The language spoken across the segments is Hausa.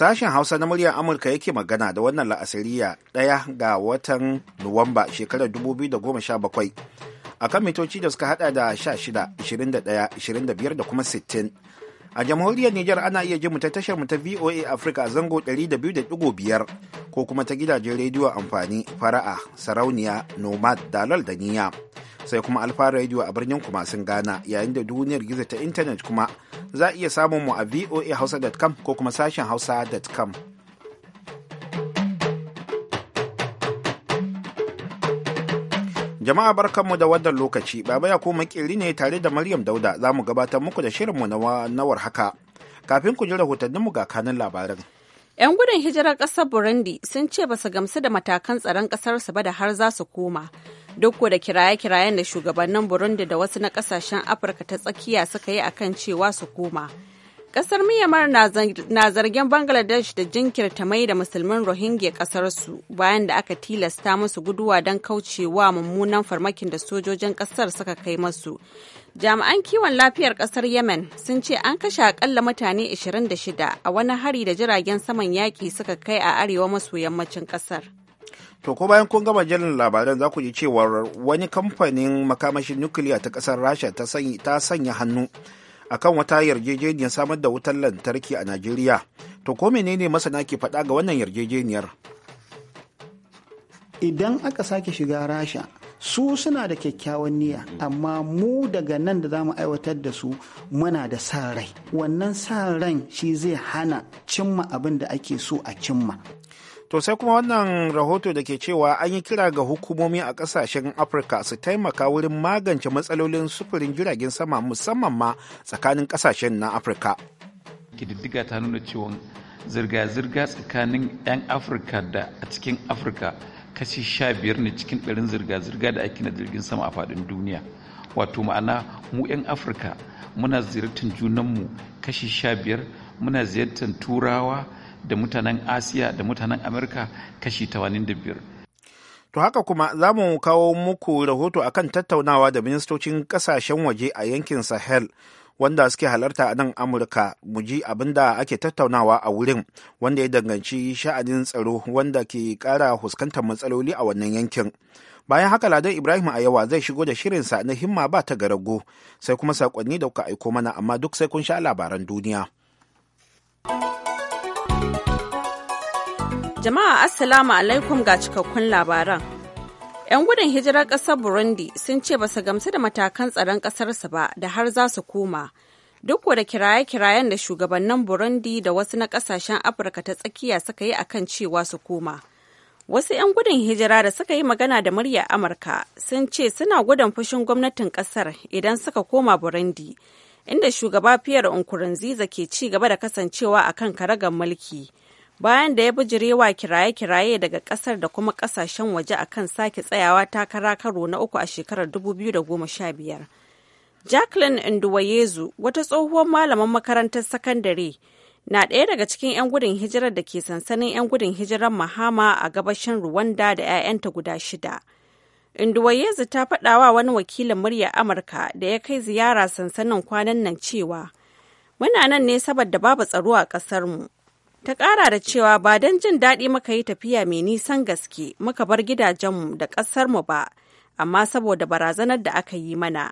Sashen Hausa na muryar Amurka yake magana da wannan la'asariya ɗaya ga watan Nuwamba shekarar 2017 a kan mitoci da suka hada da 16, 21, 25 da kuma 60. A jamhuriyar Nijar ana iya jin mu ta tashar mu ta VOA a zango 200.5 ko kuma ta gidajen rediyo amfani fara'a sarauniya nomad dalal da niya sai kuma alfa rediyo a birnin kumasin Ghana yayin da duniyar gizo ta intanet kuma za a iya samun mu a voahausa.com ko kuma sashen hausa.com. Jama'a barkanmu da wannan lokaci, Baba ya makeri ne tare da Maryam Dauda za mu gabatar muku da shirinmu na nawar haka. Kafin ku ji rahotanninmu ga kanin labarin. 'Yan gudun hijirar ƙasar Burundi sun ce ba su gamsu da matakan tsaron ƙasarsu ba da har za su koma. duk da kiraye-kirayen da shugabannin burundi da wasu na kasashen afirka ta tsakiya suka yi akan cewa su koma kasar Myanmar na zargin bangladesh da jinkirta mai da musulmin rohingya su bayan da aka tilasta musu guduwa don kaucewa mummunan farmakin da sojojin kasar suka kai masu jami'an kiwon lafiyar kasar yemen sun ce an kashe akalla mutane 26 a wani hari da jiragen saman yaƙi suka kai a arewa maso yammacin kasar To ko bayan kun gama jirin labaran za ku ji cewar wani kamfanin makamashin nukiliya ta ƙasar Rasha ta sanya hannu akan wata yarjejeniyar samar da wutar lantarki a Najeriya. To ko menene masana ke faɗa ga wannan yarjejeniyar? Idan aka sake shiga Rasha, su suna da kyakkyawan niyya amma mu daga nan da za mu aiwatar da su muna da sa rai wannan sa ran shi zai hana cimma abin da ake so a cimma To sai kuma wannan rahoto da ke cewa an yi kira ga hukumomi a kasashen Afirka su taimaka wurin magance matsalolin sufurin jiragen sama musamman ma tsakanin kasashen na Afirka. Kididdiga ta nuna cewa zirga-zirga tsakanin 'yan Afirka da a cikin Afirka kashi sha biyar ne cikin ɗarin zirga-zirga da ake na jirgin sama a faɗin duniya. Wato ma'ana mu 'yan Afirka muna ziyartar junanmu kashi sha biyar muna ziyartar turawa da mutanen asiya da mutanen amurka kashi 85 to haka kuma za mu kawo muku rahoto akan tattaunawa da ministocin kasashen waje a yankin sahel wanda suke halarta a nan amurka mu ji abin da ake tattaunawa a wurin wanda ya danganci sha'anin tsaro wanda ke kara fuskantar matsaloli a wannan yankin bayan haka ladan ibrahim ayawa zai shigo da shirinsa na himma ba ta garago sai kuma sakonni da kuka aiko mana amma duk sai kun sha labaran duniya Jama'a Assalamu alaikum ga cikakkun labaran. 'Yan gudun hijirar ƙasar Burundi sun ce ba su gamsu da matakan tsaron ƙasar su ba da har za su koma. Duk da kiraye-kirayen da shugabannin Burundi da wasu na ƙasashen Afirka ta tsakiya suka yi akan cewa su koma. Wasu 'yan gudun hijira da suka yi magana da muryar Amurka sun ce suna gudun fushin gwamnatin ƙasar idan suka koma Burundi, inda shugaba Pierre Nkurunziza ke ci gaba da kasancewa akan karagar mulki. bayan da ya bijirewa kiraye-kiraye daga kasar da kuma kasashen waje akan sake tsayawa takara karo na uku a shekarar 2015. Jacqueline Nduwayezu wata tsohuwar malaman makarantar sakandare na ɗaya daga cikin 'yan gudun hijirar da ke sansanin 'yan gudun hijirar Mahama a gabashin Rwanda da 'ya'yanta guda shida. Nduwayezu ta faɗawa wani wakilin muryar Amurka da ya kai ziyara sansanin kwanan nan cewa, Muna nan ne saboda babu tsaro a ƙasarmu, ta ƙara da cewa ba don jin daɗi muka yi tafiya mai nisan gaske muka bar gidajenmu da ƙasarmu ba amma saboda barazanar da aka yi mana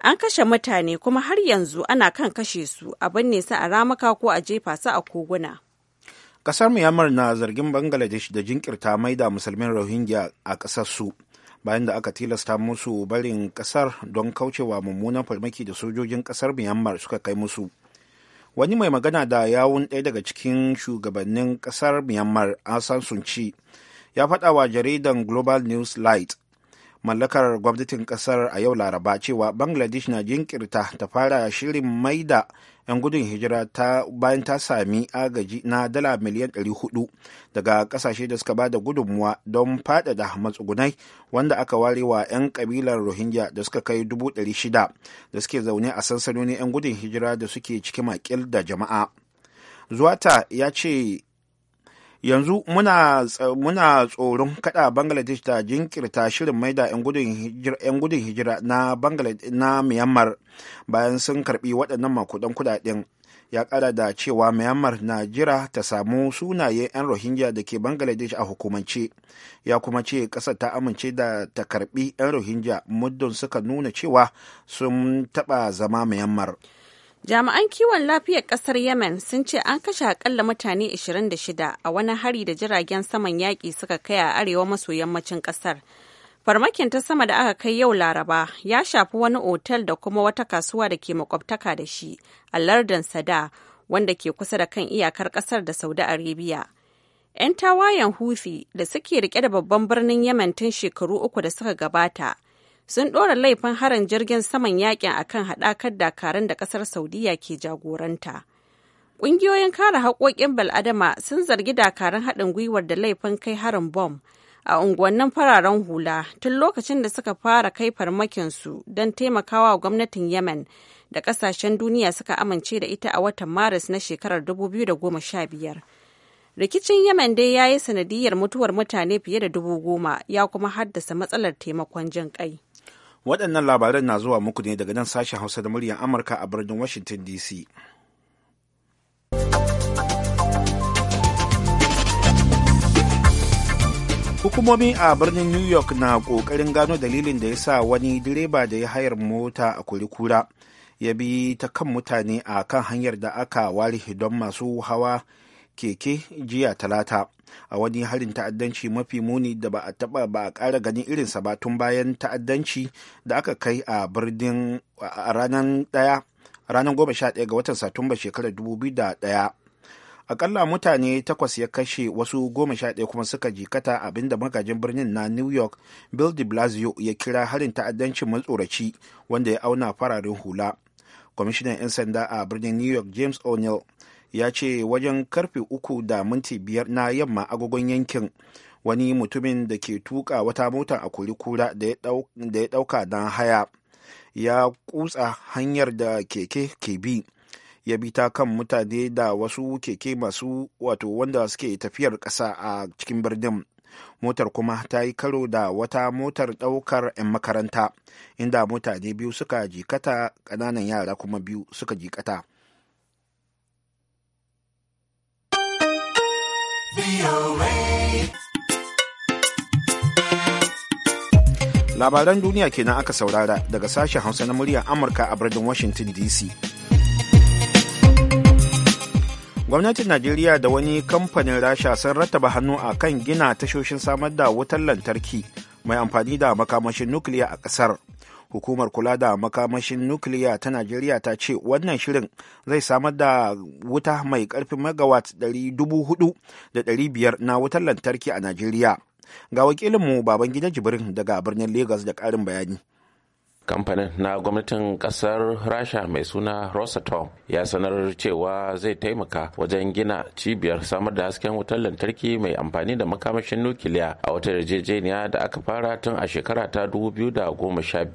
an kashe mutane kuma har yanzu ana kan kashe su a nesa sa a ramuka ko a jefa su a koguna ƙasar myanmar na zargin bangladesh da jinkirta mai da musulmin rohingya a ƙasar su bayan da aka tilasta musu barin ƙasar don kaucewa mummunan farmaki da sojojin ƙasar myanmar suka kai musu wani mai magana da yawun ɗaya daga cikin shugabannin ƙasar myanmar asan sunci ya faɗa wa jaridan global news light mallakar gwamnatin kasar a yau laraba cewa bangladesh na jinkirta ta fara shirin maida 'yan gudun hijira ta bayan ta sami agaji na dala miliyan 400 daga kasashe da suka bada gudunmuwa don faɗaɗa matsugunai wanda aka ware wa 'yan kabilar rohingya da suka kai 600 da suke zaune a sansanoni 'yan gudun hijira da suke cikin makil da jama'a zuwata ya ce yanzu muna tsoron kada bangladesh ta jinkirta shirin maida 'yan gudun hijira na bangladesh na myanmar bayan sun karbi waɗannan makudan kudaden ya ƙara da cewa myanmar na jira ta samu sunaye 'yan rohingya da ke bangladesh a hukumance ya kuma ce ƙasar ta amince da ta karbi 'yan rohingya muddin suka nuna cewa sun taɓa zama myanmar Jami'an kiwon lafiyar kasar Yemen sun ce an kashe akalla mutane 26 a wani hari da jiragen saman yaƙi suka kai a arewa maso yammacin kasar. Farmakin ta sama da aka kai yau Laraba ya shafi wani otal da kuma wata kasuwa da ke makwabtaka da shi a lardin Sada wanda ke kusa da kan iyakar kasar da Saudi Arabia. 'Yan tawayen Houthi da suke rike da babban birnin Yemen tun shekaru uku da suka gabata sun ɗora laifin harin jirgin saman yakin akan haɗakar dakaran da ƙasar saudiya ke jagoranta ƙungiyoyin kare haƙoƙin bal'adama sun zargi dakaran haɗin gwiwar da laifin kai harin bom a unguwannin fararen hula tun lokacin da suka fara kai farmakinsu don taimakawa gwamnatin yemen da ƙasashen duniya suka amince da ita a watan maris na shekarar 2015 rikicin yemen dai ya yi sanadiyar mutuwar mutane fiye da dubu goma ya kuma haddasa matsalar taimakon jin kai. waɗannan labaran na zuwa muku ne daga nan sashen hausa da muryar amurka a birnin washington dc hukumomi a birnin new york na ƙoƙarin gano dalilin da ya sa wani direba da ya hayar mota a kurikura ya bi ta kan mutane a kan hanyar da aka ware don masu hawa keke jiya talata a wani harin ta'addanci mafi muni da ba a taba ba a kara ganin irinsa ba tun bayan ta'addanci da aka kai a birnin a ranar ɗaya ranar goma sha daya ga watan satumba shekarar dubu biyu da daya akalla mutane takwas ya kashe wasu goma sha daya kuma suka jikata abinda magajin birnin na new york bill de blasio ya kira harin ta'addanci matsoraci wanda ya auna fararen hula kwamishinan 'yan sanda a birnin new york james o'neill ya ce wajen karfe uku da minti biyar na yamma agogon yankin wani mutumin da ke tuka wata mota a kurikura da ya dauka don haya ya kutsa hanyar da keke ke bi ya bi ta kan mutane da wasu keke masu wato wanda suke tafiyar ƙasa a cikin birnin motar kuma ta yi karo da wata motar ɗaukar 'yan makaranta inda mutane biyu suka jikata ƙananan yara kuma biyu suka jikata Labaran duniya kenan aka saurara daga sashen Hausa na muryar Amurka a birnin Washington DC. Gwamnatin Najeriya da wani kamfanin Rasha sun rattaba hannu a kan gina tashoshin samar da wutar lantarki mai amfani da makamashin nukiliya a ƙasar. hukumar kula da makamashin nukiliya ta najeriya ta ce wannan shirin zai samar da wuta mai karfin megawatt biyar na wutar lantarki a najeriya ga wakilinmu baban gida jibrin daga birnin legas da karin bayani kamfanin na gwamnatin kasar rasha mai suna rosatom ya sanar cewa zai taimaka wajen gina cibiyar samar da hasken wutar lantarki mai amfani da makamashin nukiliya a wata yarjejeniya da aka fara tun a shekara ta 2015 da goma sha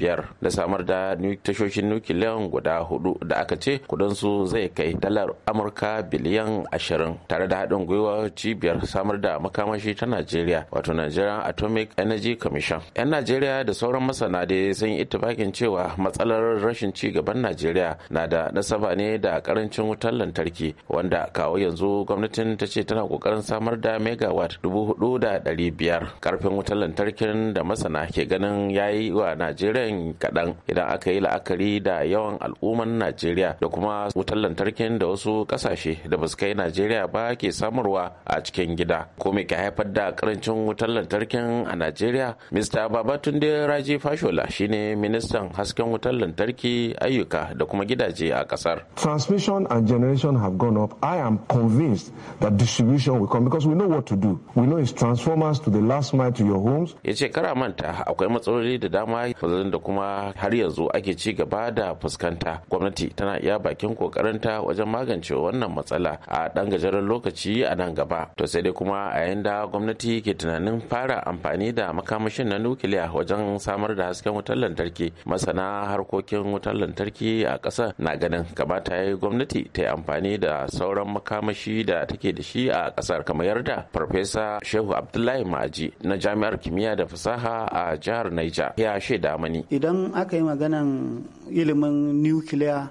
samar da tashoshin nukiliyan guda hudu da aka ce kudinsu zai kai dalar amurka biliyan ashirin tare da haɗin gwiwar cibiyar samar da makamashi ta najeriya wato nigerian atomic energy commission 'yan najeriya da sauran masana dai sun yi zargin cewa matsalar rashin ci gaban najeriya na da nasaba ne da karancin wutar lantarki wanda kawo yanzu gwamnatin ta ce tana kokarin samar da megawatt dubu hudu da dari biyar karfin wutar lantarkin da masana ke ganin ya yi wa najeriya kaɗan idan aka yi la'akari da yawan al'umman najeriya da kuma wutar lantarkin da wasu ƙasashe da ba su kai najeriya ba ke samarwa a cikin gida ko me ke haifar da karancin wutar lantarkin a najeriya Mista babatunde raji fashola shine minista ministan hasken wutar lantarki ayyuka da kuma gidaje a kasar. Transmission and generation have gone up. I am convinced that distribution will come because we know what to do. We know it's transformers to the last mile to your homes. Ya ce kara manta akwai matsaloli da dama da kuma har yanzu ake ci gaba da fuskanta. Gwamnati tana iya bakin kokarinta wajen magance wannan matsala a ɗan gajeren lokaci a nan gaba. To sai dai kuma a yayin da gwamnati ke tunanin fara amfani da makamashin na nukiliya wajen samar da hasken wutar lantarki masana harkokin wutar lantarki a ƙasar na ganin kamata ya yi gwamnati ta yi amfani da sauran makamashi da take da shi a ƙasar kamar yarda farfesa shehu abdullahi ma'aji na jami'ar kimiyya da fasaha a jihar naija ya shaida mani idan aka yi maganan ilimin nukiliya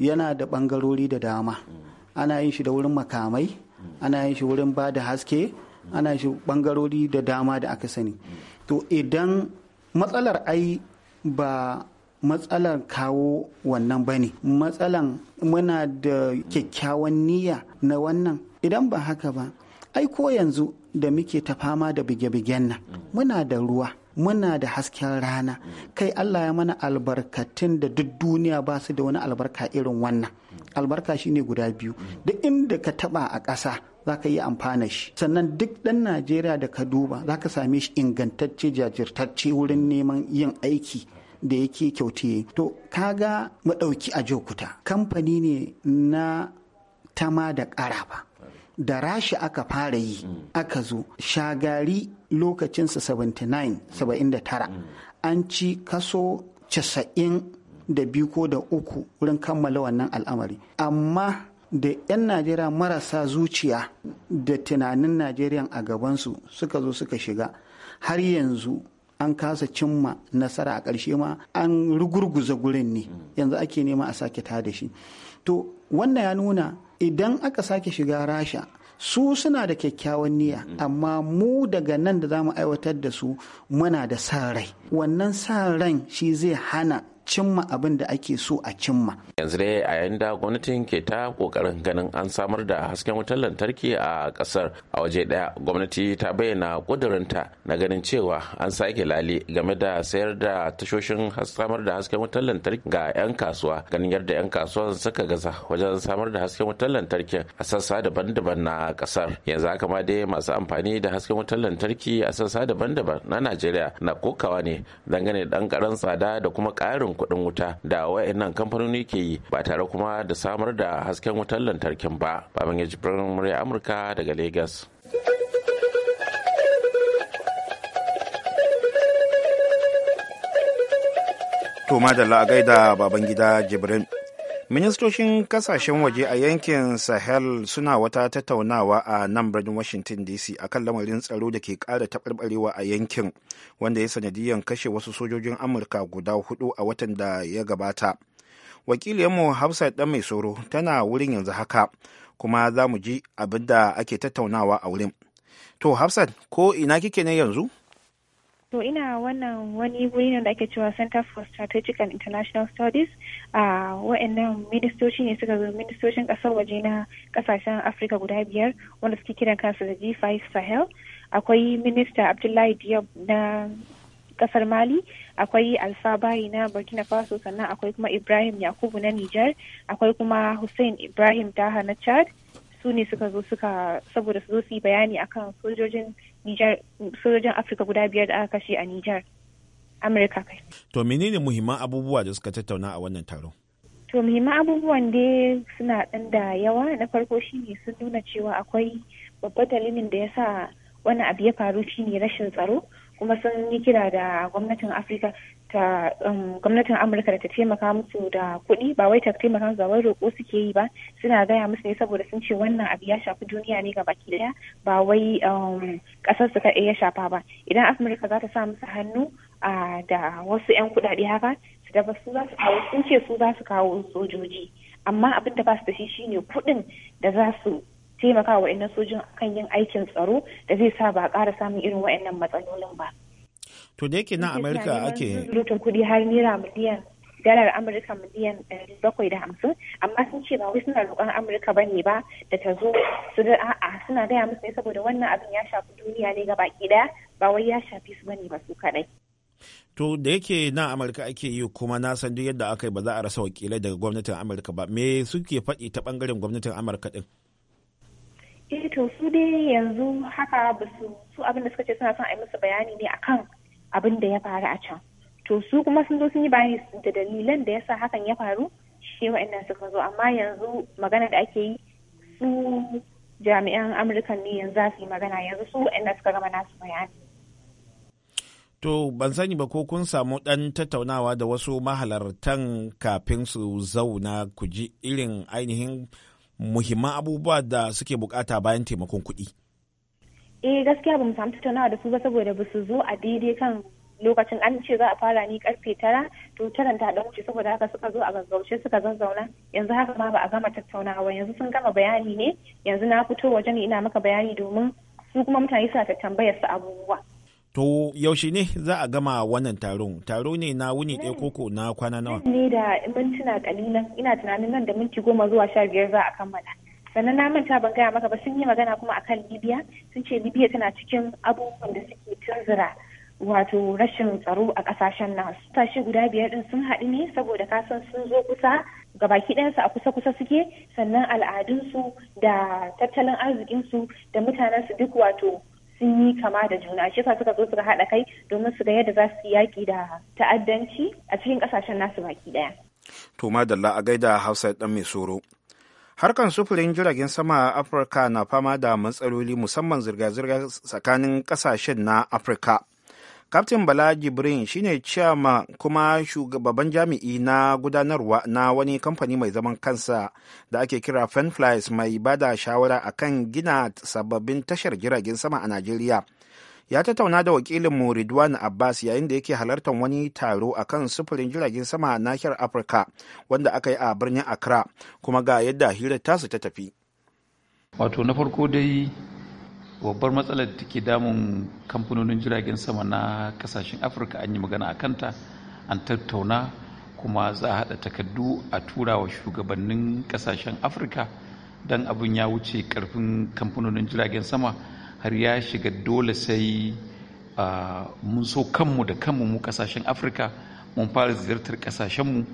yana da ɓangarori da dama ana yin shi da wurin makamai ana yin shi wurin ba da haske ana shi bangarori da dama da aka sani to idan matsalar ai ba matsalar kawo wannan ba ne matsalan muna da kyakkyawan niyya na wannan idan ba haka ba ai ko yanzu da muke ta fama da bige-bigen nan muna da ruwa muna da hasken rana kai allah ya mana albarkatun da duk duniya ba su da wani albarka irin wannan albarka shine guda biyu duk inda ka taba a ƙasa za ka yi amfana shi sannan duk ɗan najeriya da ka duba za ka same shi ingantacce jajirtacce wurin neman yin aiki da yake kyautiye to kaga madauki a jokuta kamfani ne na tama da ba. da rashi aka fara yi aka zo shagari lokacinsa 79 an ci kaso 90 da biyu ko da uku wurin kammala wannan al'amari amma da 'yan najeriya marasa zuciya da tunanin najeriya a gabansu suka zo suka shiga har yanzu an kasa cimma nasara a ƙarshe ma an rugurguza gurin ne yanzu ake nema a sake ta da shi to wannan ya nuna idan aka sake shiga rasha su suna da kyakkyawan niyya amma mu daga nan da za mu aiwatar da su muna da sa rai wannan sa ran shi zai hana cimma abin da ake so a cimma. Yanzu dai a yayin da gwamnatin ke ta kokarin ganin an samar da hasken wutar lantarki a kasar a waje daya gwamnati ta bayyana kudurinta na ganin cewa an sake lali, game da sayar da tashoshin samar da hasken wutar lantarki ga 'yan kasuwa ganin yadda 'yan kasuwa suka gaza wajen samar da hasken wutar lantarki a sassa daban-daban na kasar yanzu haka ma dai masu amfani da hasken wutar lantarki a sassa daban-daban na najeriya na kokawa ne dangane da dan karan tsada da kuma karin kuɗin wuta da wayannan kamfanoni ke yi ba tare kuma da samar da hasken wutar lantarkin ba baban ya murya amurka daga legas. to madalla a gaida baban gida jibrin ministocin kasashen waje a yankin sahel suna wata tattaunawa a nan birnin washington dc akan lamarin tsaro da ke kara taɓarɓarewa a yankin wanda ya sanadiyan kashe wasu sojojin amurka guda hudu a watan da ya gabata wakiliyanmu hafsat dan mai tsoro tana wurin yanzu haka kuma za mu ji abin da ake tattaunawa a wurin to hafsat ko ina kike ne yanzu To ina wannan wani guri ne da ake cewa Center for Strategic and International Studies a wa'annan ministoci ne suka zo ministocin kasar waje na kasashen Afirka guda biyar wanda suke kiran kansu da G5 Sahel. Akwai Minista Abdullahi Diop na kasar Mali, akwai Alfa Bayi na Burkina Faso sannan akwai kuma Ibrahim Yakubu na niger akwai kuma Hussein Ibrahim Daha na Chad. su ne suka zo suka saboda su zo su yi bayani akan sojojin Nijar sojojin Afirka guda biyar da aka kashe a Nijar Amurka kai. To menene muhimman abubuwa da suka tattauna a wannan taron? To muhimman abubuwan dai suna ɗan da yawa na farko shine sun nuna cewa akwai babban dalilin da ya sa wani abu ya faru shine rashin tsaro kuma sun yi kira da gwamnatin Afirka ta um, gwamnatin amurka da ta taimaka musu da kuɗi ba wai ta taimaka musu ba roƙo suke yi ba suna gaya musu ne saboda sun ce wannan abu ya shafi duniya ne ga baki daya ba wai um, ƙasar su kaɗai ya shafa ba idan amurka za ta sa musu hannu da wasu 'yan kuɗaɗe haka su da su za su kawo sun ce su za su kawo sojoji amma abin da ba su da shi shine kuɗin da za su taimaka wa sojin akan yin aikin tsaro da zai sa ba a ƙara samun irin waɗannan matsalolin ba. To da yake nan Amerika ake. Rutun kuɗi har naira miliyan dalar Amurka miliyan bakwai da hamsin amma sun ce ba wai suna roƙon Amurka ba ne ba da ta zo su da a'a suna gaya musu ne saboda wannan abin ya shafi duniya ne gaba daya ba wai ya shafi su bane ba su kaɗai. To da yake nan Amurka ake yi kuma na san duk yadda aka yi ba za a rasa wakilai daga gwamnatin Amurka ba me suke faɗi ta bangaren gwamnatin Amurka din. Eh to su dai yanzu haka ba su abin da suka ce suna son a yi musu bayani ne akan abin da ya faru a can to su kuma sun zo sun yi bayani da dalilan da yasa hakan ya faru shi wa'annan suka zo amma yanzu magana da ake yi su jami'an amurka ne yanzu za su yi magana yanzu su wa'annan suka gama nasu bayani To ban sani ba ko kun samu ɗan tattaunawa da wasu mahalartan kafin su zauna ku ji irin ainihin muhimman abubuwa da suke bukata bayan taimakon kuɗi. eh gaskiya ba mu samu tattaunawa da su ba saboda ba su zo a daidai kan lokacin an ce za a fara ni karfe tara to taran ta dan wuce saboda haka suka zo a gaggauce suka zazzauna yanzu haka ma ba a gama tattaunawa yanzu sun gama bayani ne yanzu na fito waje ne ina maka bayani domin su kuma mutane suna ta tambayar su abubuwa To yaushe ne za a gama wannan taron? Taro ne na wuni ɗaya koko na kwana nawa? Ne da mintuna kalilan ina tunanin nan da minti goma zuwa sha biyar za a kammala. sannan na manta ban gaya maka ba sun yi magana kuma a kan libya sun ce libya tana cikin abubuwan da suke tunzura wato rashin tsaro a kasashen nasu tashi guda biyar din sun haɗu ne saboda kasan sun zo kusa ga baki ɗayansu a kusa-kusa suke sannan al'adunsu da tattalin arzikinsu da mutanensu duk wato sun yi kama da juna shi yasa suka zo suka haɗa kai domin su ga yadda za su yaƙi da ta'addanci a cikin ƙasashen nasu baki ɗaya. to madalla a gaida hausa ɗan mai soro harkar sufurin jiragen sama a afirka na fama da matsaloli musamman zirga-zirga tsakanin kasashen na afirka kaftin bala jibrin shine ciyama kuma shugaban jami'i na gudanarwa na wani kamfani mai zaman kansa da ake kira fenflies mai bada shawara akan gina sababbin tashar jiragen sama a najeriya ya tattauna da wakilin Ridwan Abbas yayin da yake halartar wani taro a kan sufurin jiragen sama a nahiyar Afirka wanda aka yi a birnin Accra kuma ga yadda hirar tasu ta tafi. Wato na farko dai babbar matsalar da ke damun kamfanonin jiragen sama na kasashen Afirka an yi magana a kanta an tattauna kuma za a haɗa takardu a tura wa shugabannin kasashen Afirka don abin ya wuce karfin kamfanonin jiragen sama. har ya shiga dole sai mun so kanmu da kanmu mu kasashen afirka mun fara ziyartar kasashenmu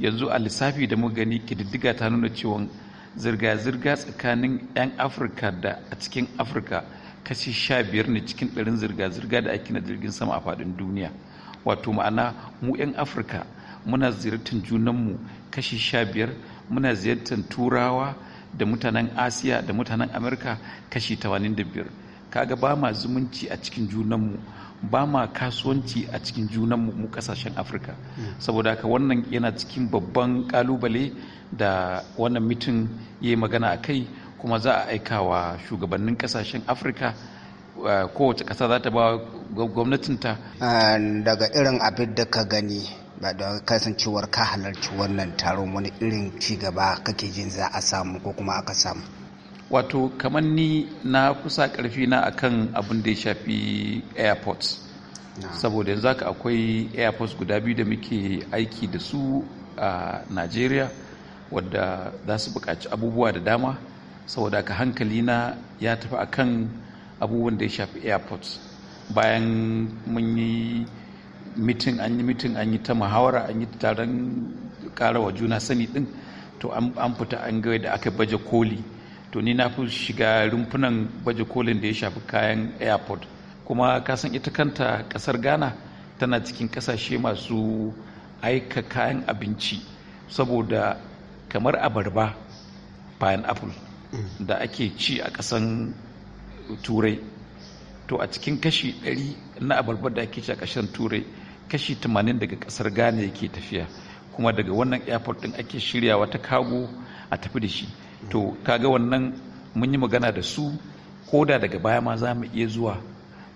yanzu a lissafi da mu gani kididdiga ta nuna cewa zirga-zirga tsakanin 'yan afirka da a cikin afirka kashi sha biyar ne cikin ɗarin zirga-zirga da ake na jirgin sama a faɗin duniya wato ma'ana mu 'yan afirka muna ziyartar junanmu kashi sha biyar muna ziyartar turawa da mutanen asiya da mutanen amurka kashi 85 kaga ba ma zumunci a cikin junanmu ba ma kasuwanci a cikin junanmu mu kasashen afirka saboda haka wannan yana cikin babban kalubale da wannan mitin ya yi magana a kai kuma za a aika wa shugabannin kasashen afirka kowace kasa za ta ba gwamnatinta daga irin abin da ka gani ba da kasancewar ka halarci wannan taron wani irin cigaba kake jin za a samu ko kuma aka samu wato kamar ni na kusa karfi na akan abin da ya shafi airports saboda yanzu haka akwai airports guda biyu da muke aiki da su a nigeria wadda za su buƙaci abubuwa da dama saboda ka hankali na ya tafi akan abubuwan da ya shafi airports bayan mun yi mitin an yi mitin an yi ta muhawara an yi taron karawa juna sani din to an fita an ga da aka baje koli to ni na fi shiga rumfunan baje kolin da ya shafi kayan airport kuma kasan ita kanta kasar ghana tana cikin kasashe masu aika kayan abinci saboda kamar abarba pineapple mm. da ake ci a kasan turai to a cikin kashi 100 na abarba da ake ci a kasan turai kashi 80 daga kasar ghana yake tafiya kuma daga wannan airport din ake shirya wata kago a tafi da shi to kaga wannan mun yi magana da su ko da daga baya ma za mu iya zuwa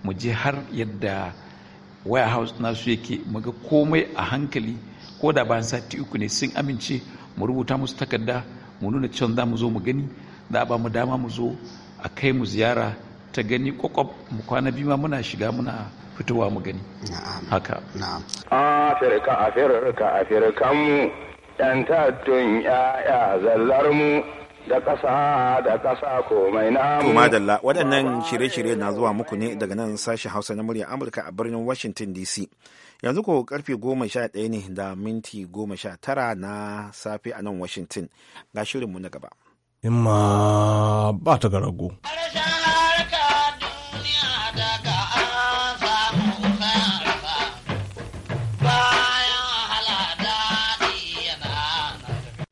mu je har yadda waya warehouse nasu yake muga komai a hankali ko da bayan sati uku ne sun amince mu rubuta musu takarda mu nuna cewa za mu zo mu gani za a ba mu dama mu zo a kai mu ziyara ta gani kwakwab mu kwana biyu ma muna shiga muna fitowa mu gani haka na'am afirka afirka mu yan tattun yaya zallar mu da ƙasa da ƙasa komai namu. kuma madalla waɗannan shirye-shirye na zuwa muku ne daga nan sashen Hausa na murya Amurka a birnin Washington DC. Yanzu ko karfe goma sha ɗaya ne da minti goma sha tara na safe a nan Washington. Ga shirinmu na gaba. Imma ba ta garago.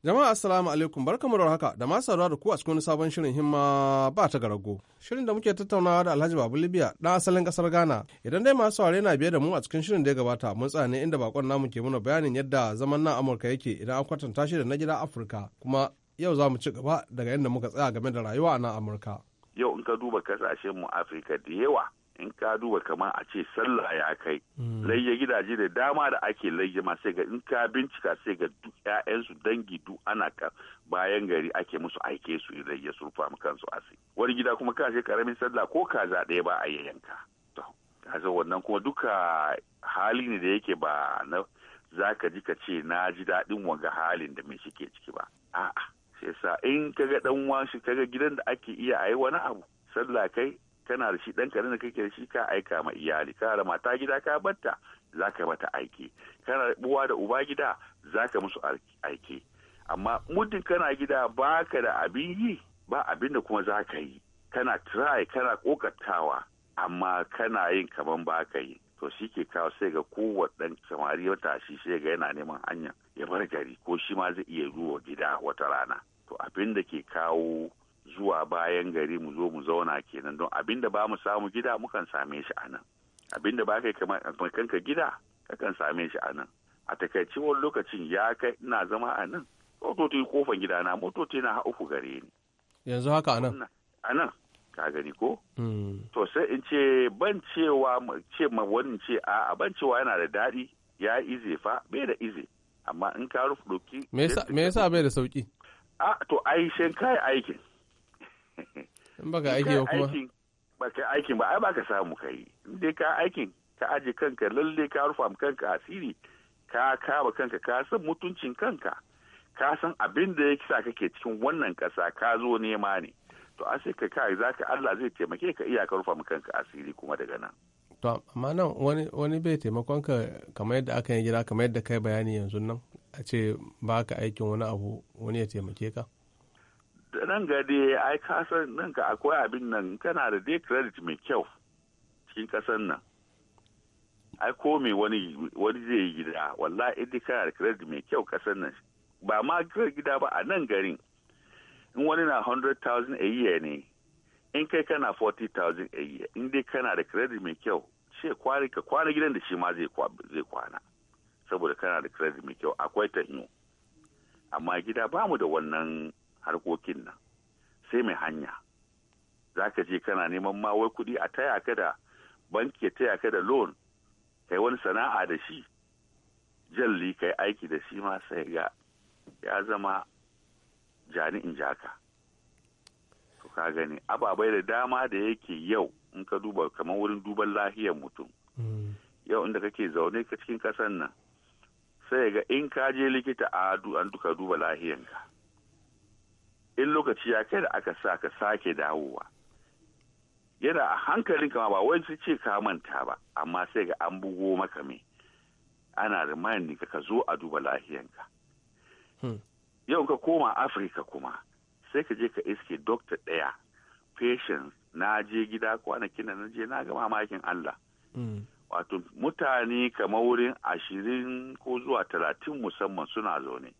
Jama'a assalamu alaikum barkamu da haka da masu saurara da ku a cikin sabon shirin himma ba ta garago. Shirin da muke tattaunawa da Alhaji Babu Libya dan asalin kasar Ghana. Idan dai masu saurare na biye da mu a cikin shirin da ya gabata mun tsane inda bakon namu ke muna bayanin yadda zaman nan Amurka yake idan an kwatanta shi da na gida Afirka kuma yau za mu ci gaba daga inda muka tsaya game da rayuwa a nan Amurka. Yau in ka duba kasashen mu Afirka da yawa in ka duba kamar a ce sallah ya kai hmm. layya gidaje da dama da ake layya ma sai ga in ka bincika sai ga duk ƴaƴansu dangi du ana ka bayan gari ake musu aike su yi layya su rufa mu kansu asi wani gida kuma ka je karamin sallah ko kaza ɗaya ba a yanka to kaza wannan kuma duka hali ne da yake ba na zaka ji ka ce na ji daɗin wanga halin da mai shike ciki ba a'a sai sa in kaga dan washi kaga gidan da ake iya ayi wani abu sallah kai kana da shi ɗan karen da kake da shi ka aika ma iyali kana da mata gida ka batta zaka mata aiki kana da uwa da uba gida zaka musu aiki amma muddin kana gida baka da abin yi ba abin da kuma ka yi kana try kana kokatawa amma kana yin kaman baka yi to shi ke kawo sai ga kowaɗan samari matashi sai ga yana neman hanya ya bar gari ko shi ma zai iya zuwa gida wata rana to abin da ke kawo zuwa bayan gari mu zo mu zauna kenan don abin da ba mu samu gida mukan same shi a nan abin da ba kai kanka gida kakan same shi a nan a takaici wani lokacin ya kai ina zama a nan motoci kofan gidana motoci na uku gare ni yanzu haka a nan a nan ka gani ko hmm. to sai in ce ban cewa ce ma wani ce a ban cewa yana da daɗi ya ize fa bai da ize amma in ka rufe doki me yasa bai da sauki a to ai shin kai aikin in baka aiki ba kuma baka aikin ba ai ka samu kai yi dai ka aikin ka aje kanka lalle ka rufa kanka asiri ka kama kanka ka san mutuncin kanka ka san abin da ya sa kake cikin wannan kasa ka zo nema ne to a sai ka kai zaka Allah zai taimake ka iya ka rufa kanka asiri kuma daga nan to amma nan wani wani bai taimakon ka kamar yadda aka yi gida kamar yadda kai bayani yanzu nan a ce ba ka aikin wani abu wani ya taimake ka nan ga dai ai kasar nan ka akwai abin nan kana da dai credit mai kyau cikin kasar nan ai ko me wani wani zai yi gida wallahi idan kana da credit mai kyau kasar nan ba ma gida ba a nan garin in wani na 100,000 a year ne in kai kana 40,000 a year in dai kana da credit mai kyau she kwari ka kwana gidan da shi ma zai kwana saboda kana da credit mai kyau akwai ta amma gida bamu da wannan harkokin nan sai mai hanya za ka je kana neman ma wai kuɗi a taya ka da banki ya taya ka da loan kai wani sana'a da shi jalli kai aiki da shi ma sai ga ya zama jani in jaka to ka gani ababai da dama da yake yau in ka duba kamar wurin duban lahiyar mutum mm. yau inda kake zaune ka cikin kasan nan sai ga in ka je likita a duka duba lahiyanka in lokaci ya kai da aka sa ka sake dawowa yana a hankalin kama ba wai ce ka manta ba amma sai ga an bugo maka me ana reminding ka ka zo a duba lahiyanka hmm. yau ka koma afirka kuma sai ka je ka iske dokta daya feshen na je gida kwanakin na je na ga mamakin allah hmm. wato mutane kama wurin ashirin ko zuwa talatin musamman suna zaune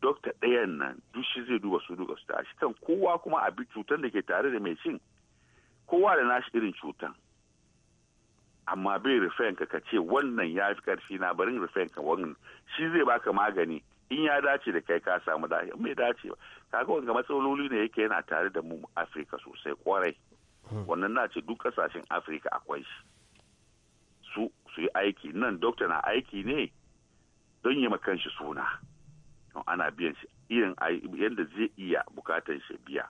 dokta ɗayan nan duk shi zai duba su duka su ta shi kan kowa kuma abi cutar da ke tare da mai cin kowa da nashi irin cutan amma bai rufen ka ka ce wannan ya fi karfi na barin rufen ka wannan shi zai baka magani in ya dace da kai ka samu dace mai dace kaga wanga matsaloli ne yake yana tare da mu Afirka sosai kwarai hmm. wannan na ce duk kasashen Afirka akwai shi su su yi aiki nan dokta na aiki ne don yi shi suna ana biyan shi irin yadda zai iya bukatan shi biya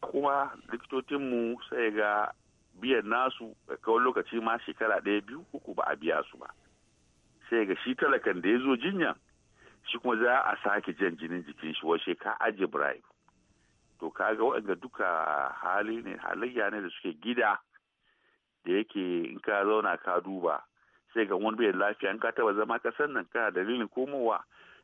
kuma likitocinmu sai ga biyan nasu kawai lokaci ma shekara ɗaya biyu uku ba a biya su ba sai ga shi talakan da ya zo jinya shi kuma za a sake jan jinin jikin shi washe ka aje bribe to kaga waɗanda duka hali ne halayya ne da suke gida da yake in ka zauna ka duba sai ga wani bai lafiya in ka taba zama kasan nan kana dalilin komowa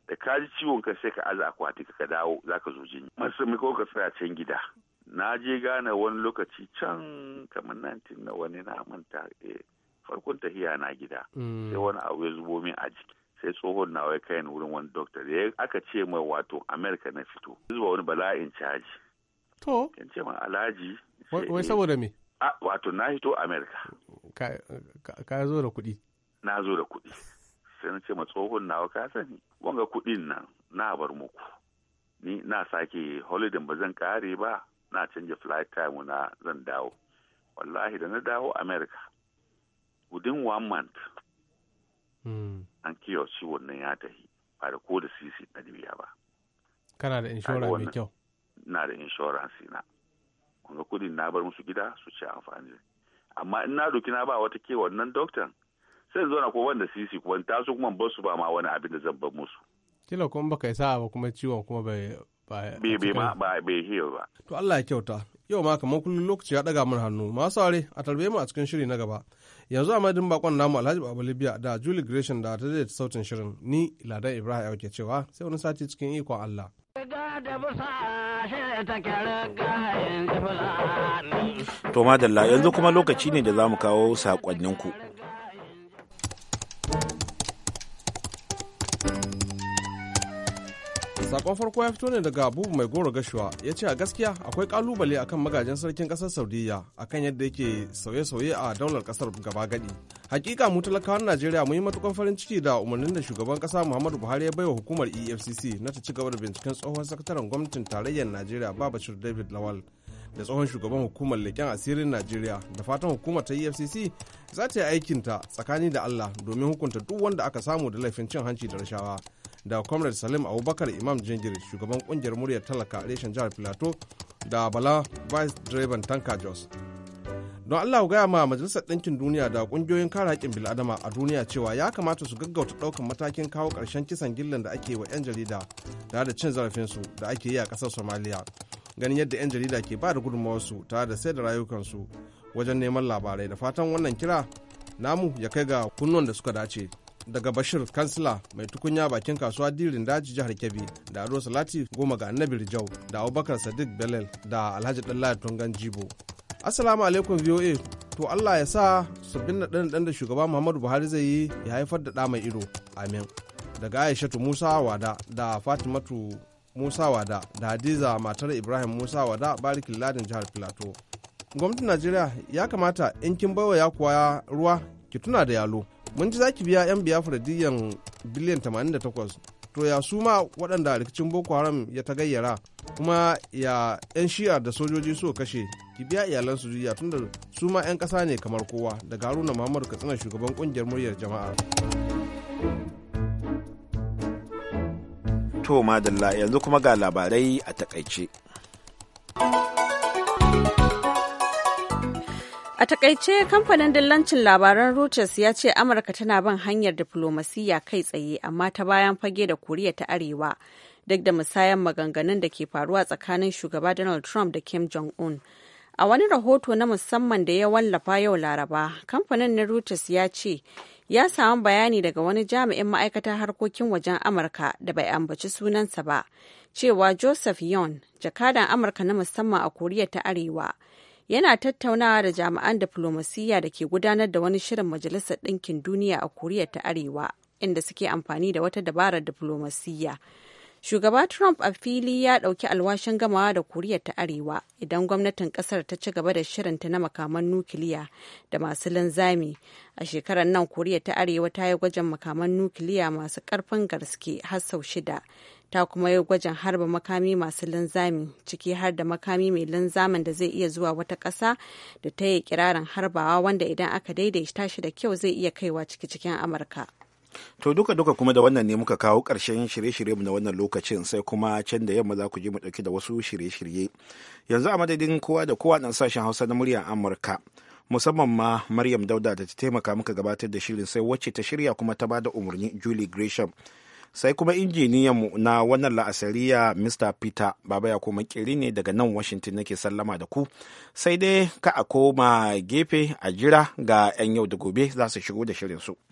da ka ji ciwon ka sai ka aza akwati ka dawo za ka zo jini masu miko ka tsaya can gida na je gane wani lokaci can kamar nantin na wani na manta eh, farkon tahiya na gida mm. sai wani abu ya zubo min a jiki sai tsohon na wai kayan wurin wani doktor da aka ce mai wato Amerika na fito zuwa wani bala'in caji to kan ce ma alhaji wai saboda me wato na hito Amerika. ka zo da kuɗi na zo da kuɗi sai na ce ma tsohon nawa ka sani wanga kudin nan na bar muku ni na sake holiday ba zan kare ba na canja flight time na zan dawo wallahi da na dawo america within one month hmm. an kiyo shi wannan ya tafi ba da ko da sisi na dubiya ba kana da insurance mai kyau na da insurance na wanga kudin na bar musu gida su ci amfani amma in na doki na ba wata ke wannan doktan sai zauna ko wanda sisi kuma taso kuma ba su ba ma wani abin da zan ba musu kila kuma baka isa ba kuma ciwon kuma bai bai bai ma ba bai hiyo ba to Allah ya kyauta yau ma kamar kullum lokaci ya daga mun hannu masu aure a tarbe mu a cikin shiri na gaba yanzu a madin bakon namu Alhaji Babu Libya da Julie Gresham da ta zai sautin shirin ni Ladan Ibrahim ke cewa sai wani sati cikin ikon Allah To madalla yanzu kuma lokaci ne da za mu kawo saƙonninku. sakon farko ya fito ne daga abu mai goro gashuwa ya ce a gaskiya akwai kalubale akan magajin sarkin kasar saudiya akan yadda yake sauye-sauye a daular kasar gaba gadi hakika mu talakawan najeriya mun yi matukar farin ciki da umarnin da shugaban kasa muhammadu buhari ya baiwa hukumar efcc na ta ci gaba da binciken tsohon sakataren gwamnatin tarayyar najeriya babashir david lawal da tsohon shugaban hukumar leƙen asirin najeriya da fatan hukumar ta efcc za ta yi aikinta tsakani da allah domin hukunta duk wanda aka samu da laifin cin hanci da rashawa da comrade salim abubakar imam jingir shugaban kungiyar muryar talaka reshen jihar filato da bala vice driver tanka jos don allah gaya ma majalisar ɗinkin duniya da ƙungiyoyin kare haƙƙin bil'adama a duniya cewa ya kamata su gaggauta ɗaukar matakin kawo ƙarshen kisan gillan da ake wa 'yan jarida tare da cin zarafinsu da ake yi a ƙasar somaliya ganin yadda 'yan jarida ke ba da gudunmawarsu tare da sai da rayukansu wajen neman labarai da fatan wannan kira namu ya kai ga kunnuwan da suka dace. daga Bashir Kansila mai tukunya bakin kasuwa Dirin Daji jihar Kebbi da Ado Salati goma ga Annabi Rijau da Abubakar Sadiq Belal da Alhaji Dallahi Tungan Jibo. Assalamu alaikum VOA to Allah ya sa su sabbin ɗan da shugaba Muhammadu Buhari zai yi ya haifar da ɗa mai ido. Amin. Daga Aishatu Musa Wada da Fatimatu Musa Wada da Hadiza matar Ibrahim Musa Wada barikin ladin jihar Filato. Gwamnatin Najeriya ya kamata in kin baiwa ya kuwa ruwa ki tuna da yalo. mun ji zaki biya 'yan biyafra diyan biliyan 88 to ya su ma waɗanda rikicin boko haram ya ta gayyara kuma ya 'yan shi'a da sojoji su kashe ki biya iyalansu jiya tunda su ma 'yan ƙasa ne kamar kowa daga haruna muhammadu katsina shugaban ƙungiyar muryar jama'a to madalla yanzu kuma ga labarai a takaice. A takaice kamfanin dillancin labaran Reuters ya ce Amurka tana bin hanyar diflomasiyya kai tsaye amma ta bayan fage da Koriya ta Arewa duk da musayan maganganun da ke faruwa tsakanin shugaba Donald Trump da Kim Jong-un. A wani rahoto na musamman da ya wallafa yau Laraba, kamfanin na Reuters ya ce ya samu bayani daga wani jami'in ma'aikatar harkokin wajen Amurka da bai ambaci sunansa ba, cewa Joseph Yon, jakadan Amurka na musamman a Koriya ta Arewa, yana tattaunawa da jami'an diflomasiyya da ke gudanar da wani shirin majalisar ɗinkin duniya a koriya ta arewa inda suke amfani da wata dabarar diflomasiyya shugaba trump a fili ya ɗauki alwashin gamawa da koriya ta arewa idan gwamnatin ƙasar ta ci gaba da shirinta na makaman nukiliya da masu linzami a shekarar nan koriya ta arewa ta yi gwajin makaman nukiliya masu ƙarfin gaske har sau shida ta kuma yi gwajin harba makami masu linzami ciki har da makami mai linzamin da zai iya zuwa wata ƙasa da ta yi kirarin harbawa wanda idan aka daidaita shi da kyau zai iya kaiwa ciki cikin amurka to duka duka kuma da wannan ne muka kawo ƙarshen shirye-shirye mu na wannan lokacin sai kuma can da yamma za ku je mu ɗauki da wasu shirye-shirye yanzu a madadin kowa da kowa dan sashen hausa na muryar amurka musamman ma maryam dauda da ta taimaka muka gabatar da shirin sai wacce ta shirya kuma ta ba da umarni julie gresham sai kuma injiniyan mu na wannan la'asariya mr peter baba ya koma kiri ne daga nan washington nake sallama da ku sai dai ka a koma gefe a jira ga 'yan yau da gobe za su shigo da shirin su.